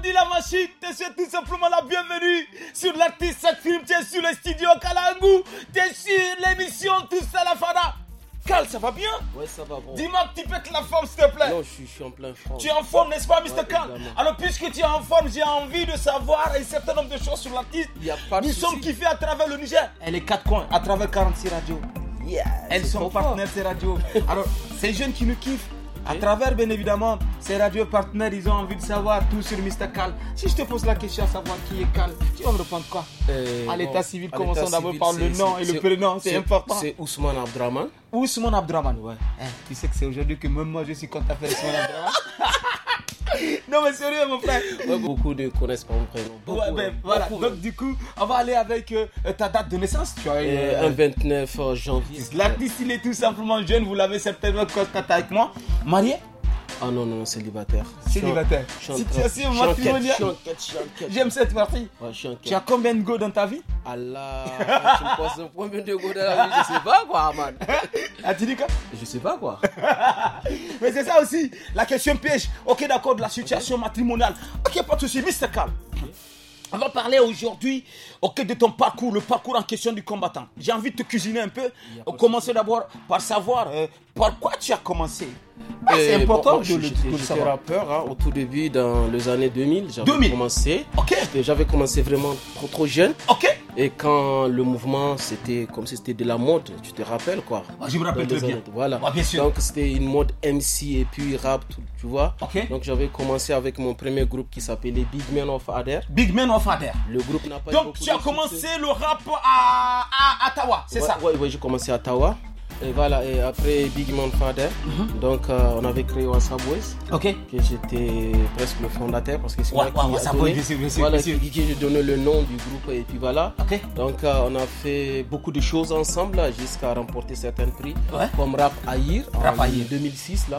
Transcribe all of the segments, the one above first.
dit la machine, tu tout simplement la bienvenue sur l'artiste Sacrim, tu es sur le studio Kalangu, tu es sur l'émission Tout ça la Cal, ça va bien Oui, ça va, bon. Dis-moi un petit peu la forme, s'il te plaît. Non, je suis, en plein forme. Tu es en forme, n'est-ce pas, Mr. Carl Cal Alors, puisque tu es en forme, j'ai envie de savoir un certain nombre de choses sur l'artiste. Il y a pas kiffés à travers le Niger. Elle est quatre coins, à travers 46 radios. Elles sont partenaires, ces radios. Alors, ces jeunes qui nous kiffent, à travers, bien évidemment, ces radios partenaires, ils ont envie de savoir tout sur Mr. Cal. Si je te pose la question à savoir qui est Cal, tu vas me répondre quoi euh, À l'état civil, commençons d'abord par le nom et le prénom, c'est important. C'est Ousmane Abdraman. Ousmane Abdraman, ouais. Eh, tu sais que c'est aujourd'hui que même moi je suis content à Ousmane Abdraman. non, mais sérieux, mon frère. Beaucoup de connaissent pas mon prénom. Beaucoup, hein. ben, voilà. Donc, hein. du coup, on va aller avec euh, ta date de naissance. Tu euh, un 29 euh, janvier. L'artiste, il est tout simplement jeune. Vous l'avez certainement constaté avec moi. Marié ah non, non, célibataire. Célibataire. Situation matrimoniale. J'aime cette partie. Tu as combien de go dans ta vie Allah, tu me poses combien de go dans la vie Je sais pas quoi, man. Ah, tu dis quoi Je sais pas quoi. Mais c'est ça aussi, la question piège. Ok, d'accord, de la situation matrimoniale. Ok, pas de soucis, Mr. calme. On va parler aujourd'hui cas de ton parcours, le parcours en question du combattant. J'ai envie de te cuisiner un peu. On d'abord par savoir pourquoi euh, par quoi tu as commencé. Ah, eh, c'est important je, de, je, de, de rappeur hein, au tout début dans les années 2000. J'avais commencé. J'avais commencé vraiment trop, trop jeune. Ok et quand le mouvement, c'était comme si c'était de la mode, tu te rappelles quoi ah, Je me rappelle très bien. Ah, Donc c'était une mode MC et puis rap, tu vois. Donc j'avais commencé avec mon premier groupe qui s'appelait Big Men of Adair. Big Men of Adair. Le groupe n'a pas Donc tu as commencé le rap à, à, c'est ça Oui, j'ai commencé à Ottawa. Et voilà, et après Big Man Father, mhm. donc euh, on avait créé WhatsApp Boys. Ok. Que j'étais presque le fondateur parce que c'est moi qui, de donné, voilà, qui, donné le nom du groupe et puis voilà. Donc euh, on a fait beaucoup de choses ensemble jusqu'à remporter certains prix comme Rap Aïr en 2006 là.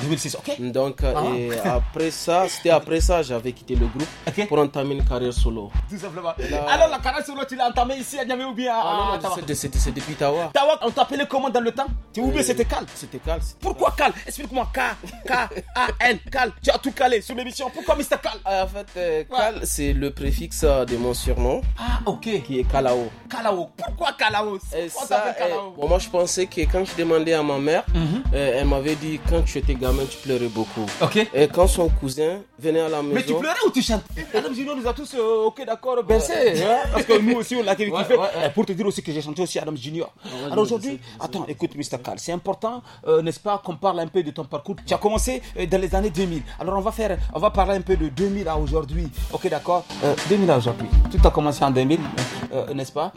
Donc euh, ah. après ça, c'était après ça, j'avais quitté le groupe pour entamer une carrière solo. Tout simplement. Alors la carrière solo, tu l'as entamée ici à Niamey ou bien ah, à, depuis Tawa. Tawa, on t'appelait comment dans le temps tu as c'était cal. C'était cal. Pourquoi cal Explique-moi. K, K, A, N, cal. Tu as tout calé sur l'émission. Pourquoi Mr. Cal euh, En fait, euh, cal, c'est le préfixe euh, de mon surnom. Ah, ok. Qui est Kalao. Kalao. Pourquoi Kalao eh, Bon, moi, je pensais que quand je demandais à ma mère, mhm. elle m'avait dit quand tu étais gamin, tu pleurais beaucoup. Ok. Et quand son cousin venait à la maison. Mais tu pleurais ou tu chantais eh, Adam Junior nous a tous, ok, d'accord, ben, c'est... Hein, parce que nous aussi, on l'a kiffé. Pour te dire aussi que j'ai chanté aussi Adam Junior. Alors aujourd'hui, attends, écoute, Mr. C'est important, euh, n'est-ce pas, qu'on parle un peu de ton parcours. Tu as commencé euh, dans les années 2000. Alors on va faire, on va parler un peu de 2000 à aujourd'hui. Ok, d'accord. 2000 euh, à aujourd'hui. Tout a commencé en 2000, n'est-ce pas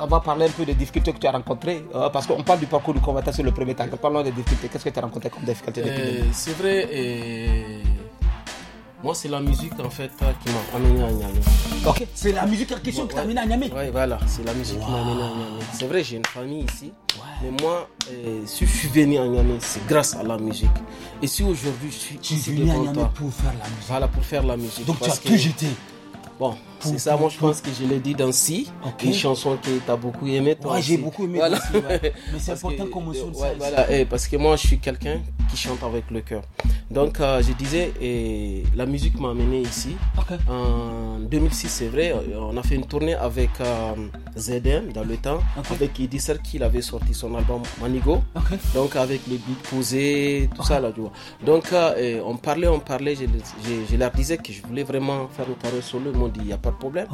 On va parler un peu des difficultés que tu as rencontrées, parce qu'on parle du parcours du combattant sur le premier temps. Parlons des difficultés. Qu'est-ce que tu as rencontré comme difficultés C'est vrai. Moi, c'est la musique en fait qui m'a amené à Ok, c'est la musique en question qui t'a amené à Niamey. Oui, voilà, c'est la musique qui m'a amené à Niamey. C'est vrai, j'ai une famille ici. Mais moi, eh, si je suis venu à Niamey, c'est grâce à la musique. Et si aujourd'hui je suis venu à Niamey pour faire la musique. Voilà, pour faire la musique. Donc tu as tout jeté. Bon, c'est ça, moi je pense que je l'ai dit dans Si, une chanson que tu as beaucoup aimée. Toi ouais, j'ai beaucoup aimé. Mais c'est important qu'on me ouais, ça. Voilà. Eh, parce que moi je suis quelqu'un qui chante avec le cœur. Donc, euh, je disais, la musique m'a amené ici. En 2006, c'est vrai, on a fait une tournée avec euh, ZM dans le temps, okay. avec qui avait sorti son album Manigo. Donc, avec les beats posés, tout ça là, Donc, euh, on parlait, on parlait, je, leur disais que je voulais vraiment faire une carrière solo. Ils m'ont dit, il n'y a pas de problème.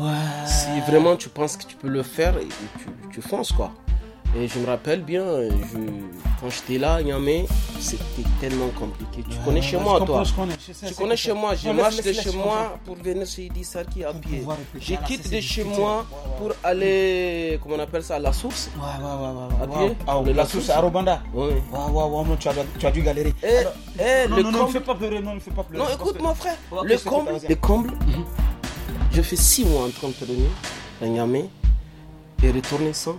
Si vraiment tu penses que tu peux le faire, tu fonces quoi. Et je me rappelle bien, quand j'étais là, c'était tellement compliqué. Tu connais chez moi, toi. tu connais chez moi. Je marche de chez moi pour venir chez Idi Sarki à pied. Je quitte de chez moi pour aller, comment on appelle ça, à la source. Ouais, ouais, ouais. À Ah, la, source à Robanda. Ouais, ouais, ouais. tu as, dû galérer. Et, eh, eh, non, le non, comble... non, ne fais pas pleurer, non, écoute, mon frère, le comble, le comble, je fais six mois en train de te donner à yamé et retourner sans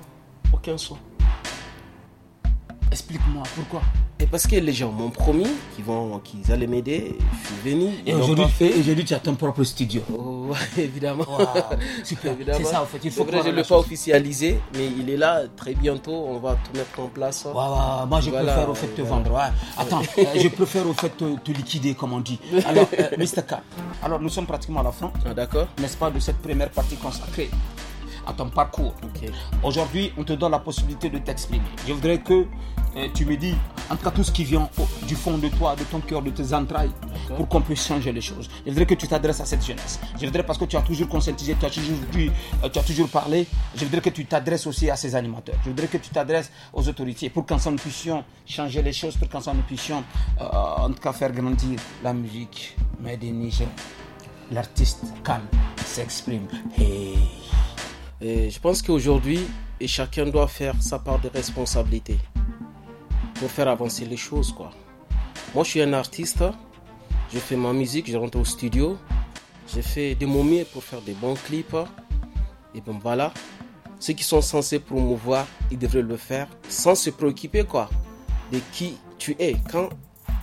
aucun son. Explique-moi pourquoi. Et parce que les gens m'ont promis qu'ils vont, qu'ils allaient m'aider. Je suis venu. Et aujourd'hui, tu as ton propre studio. Oh, évidemment. super. évidemment. C'est ça, en fait. Il faut que je ne l'ai pas officialisé, mais il est là. Très bientôt, on va tout mettre en place. Waouh, Moi, je préfère au fait te vendre. Attends, je préfère au fait te, liquider, comme on dit. Alors, euh, Mr. K, alors nous sommes pratiquement à la fin. Ah, d'accord. N'est-ce pas, de cette première partie consacrée à ton parcours. Aujourd'hui, on te donne la possibilité de t'exprimer. Je voudrais que euh, tu me dis, en tout cas, tout ce qui vient du fond de toi, de ton cœur, de tes entrailles, pour qu'on puisse changer les choses. Je voudrais que tu t'adresses à cette jeunesse. Je voudrais, parce que tu as toujours conscientisé, tu as toujours, euh, tu as toujours parlé, je voudrais que tu t'adresses aussi à ces animateurs. Je voudrais que tu t'adresses aux autorités pour qu'ensemble nous puissions changer les choses, pour qu'ensemble nous puissions, euh, en tout cas, faire grandir la musique. Mais des Niger l'artiste calme s'exprime. Hey je pense qu'aujourd'hui, chacun doit faire sa part de responsabilité pour faire avancer les choses. Quoi. Moi, je suis un artiste, je fais ma musique, je rentre au studio, Je fais des mon pour faire des bons clips. Et ben voilà, ceux qui sont censés promouvoir, ils devraient le faire sans se préoccuper quoi de qui tu es. Quand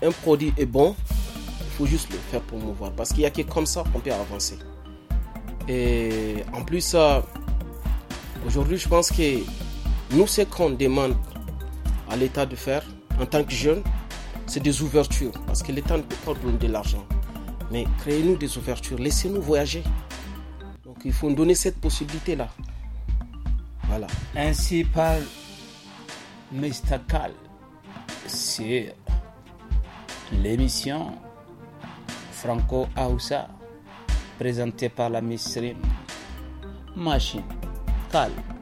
un produit est bon, il faut juste le faire promouvoir parce qu'il n'y a que comme ça qu'on peut avancer. Et en plus, euh, Aujourd'hui, je pense que nous, ce qu'on demande à l'État de faire en tant que jeunes, c'est des ouvertures. Parce que l'État ne peut pas donner de l'argent. Mais créez-nous des ouvertures, laissez-nous voyager. Donc il faut nous donner cette possibilité-là. Voilà. Ainsi parle Mistakal, C'est l'émission Franco Aoussa présentée par la Miss Machine. قال